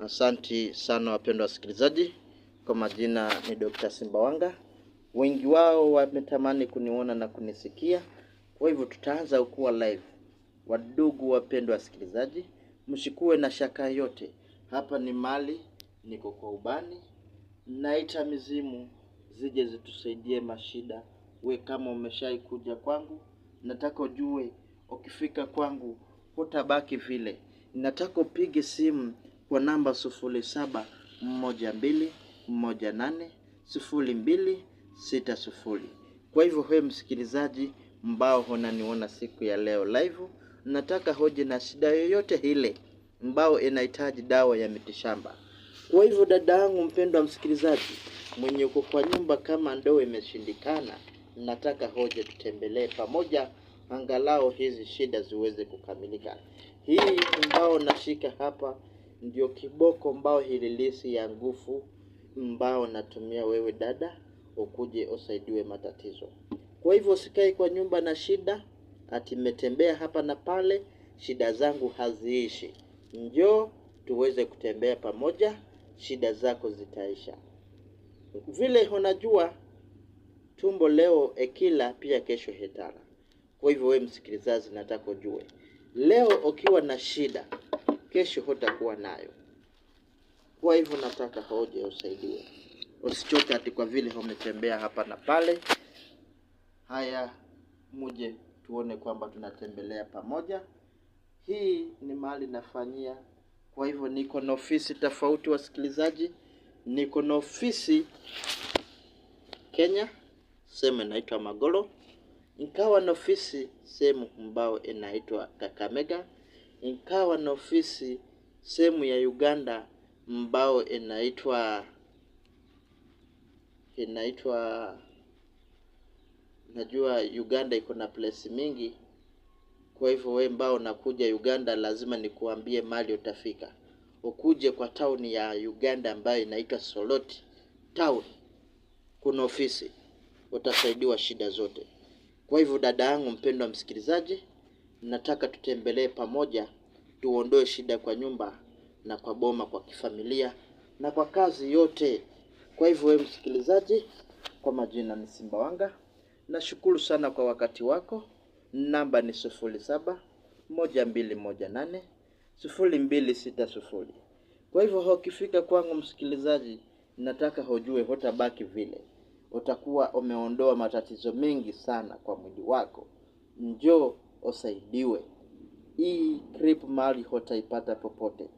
Asanti sana wapendwa wasikilizaji, kwa majina ni Dr. Simbawanga. Wengi wao wametamani kuniona na kunisikia, kwa hivyo tutaanza ukuwa live. Wadugu wapendwa wasikilizaji, msikuwe na shaka yote, hapa ni mali, niko kwa ubani, naita mizimu zije zitusaidie mashida. We kama umeshai kuja kwangu, nataka ujue ukifika kwangu hutabaki vile. Nataka upige simu kwa namba 0712180260. Kwa hivyo wewe msikilizaji mbao unaniona siku ya leo live, nataka hoja na shida yoyote ile mbao inahitaji dawa ya mitishamba. Kwa hivyo dada yangu mpendwa msikilizaji mwenye uko kwa nyumba, kama ndoo imeshindikana, nataka hoja tutembelee pamoja, angalau hizi shida ziweze kukamilika. Hii mbao nashika hapa ndio kiboko mbao hililisi ya ngufu mbao natumia wewe dada, ukuje usaidiwe matatizo. Kwa hivyo sikai kwa nyumba na shida, ati metembea hapa na pale, shida zangu haziishi. Njoo tuweze kutembea pamoja, shida zako zitaisha. Vile unajua tumbo leo ekila, pia kesho hetara. Kwa hivyo wewe msikilizaji, nataka ujue leo ukiwa na shida kesho hutakuwa nayo. Kwa hivyo nataka hoja usaidie, usichoke ati kwa vile umetembea hapa na pale. Haya, muje tuone kwamba tunatembelea pamoja. Hii ni mahali nafanyia. Kwa hivyo niko na ofisi tofauti, wasikilizaji, niko na ofisi Kenya, sehemu inaitwa Magolo, nikawa na ofisi sehemu ambayo inaitwa Kakamega nikawa na ofisi sehemu ya Uganda mbao inaitwa inaitwa najua Uganda iko na place mingi, kwa hivyo we mbao unakuja Uganda lazima nikuambie mali utafika. Ukuje kwa town ya Uganda ambayo inaitwa soloti town, kuna ofisi utasaidiwa shida zote. Kwa hivyo dada yangu mpendwa msikilizaji, nataka tutembelee pamoja tuondoe shida kwa nyumba na kwa boma, kwa kifamilia na kwa kazi yote. Kwa hivyo wewe msikilizaji, kwa majina ni Simba Wanga, nashukuru sana kwa wakati wako. Namba ni sufuri saba moja mbili moja nane sufuri mbili sita sufuri. Kwa hivyo ukifika kwangu msikilizaji, nataka hujue hutabaki vile, utakuwa umeondoa matatizo mengi sana kwa mwili wako. Njoo usaidiwe hii crepe mali hotaipata popote.